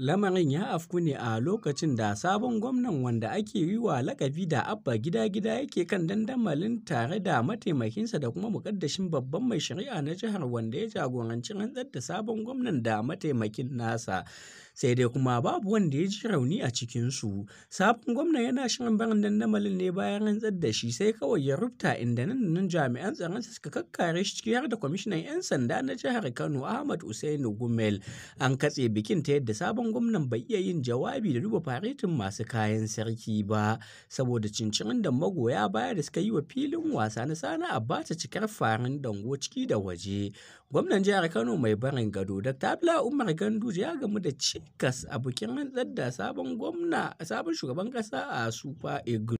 Lamarin ya afku ne a lokacin da sabon gwamnan wanda ake yi wa lakabi da Abba Gida-Gida yake kan dandamalin tare da mataimakinsa da kuma muƙaddashin babban mai shari'a na jihar wanda ya jagoranci rantsar da sabon gwamnan da mataimakin nasa. sai dai kuma babu wanda ya ji rauni a cikinsu. Sabon gwamna yana shirin barin dandamalin ne bayan rantsar da shi sai kawai ya rubuta inda nan nan jami'an tsaron suka kakkare shi ciki har da kwamishinan 'yan sanda na jihar Kano Ahmad Usainu Gumel. An katse bikin ta yadda sabon gwamnan bai iya yin jawabi da duba faretin masu kayan sarki ba saboda cincirin da magoya baya da suka yi wa filin wasa na sana bata cikar farin dango ciki da waje. Gwamnan jihar Kano mai barin gado Dr. Abla Umar Ganduje ya gamu da ci cikas a bikin hantsar da sabon shugaban kasa a super eagles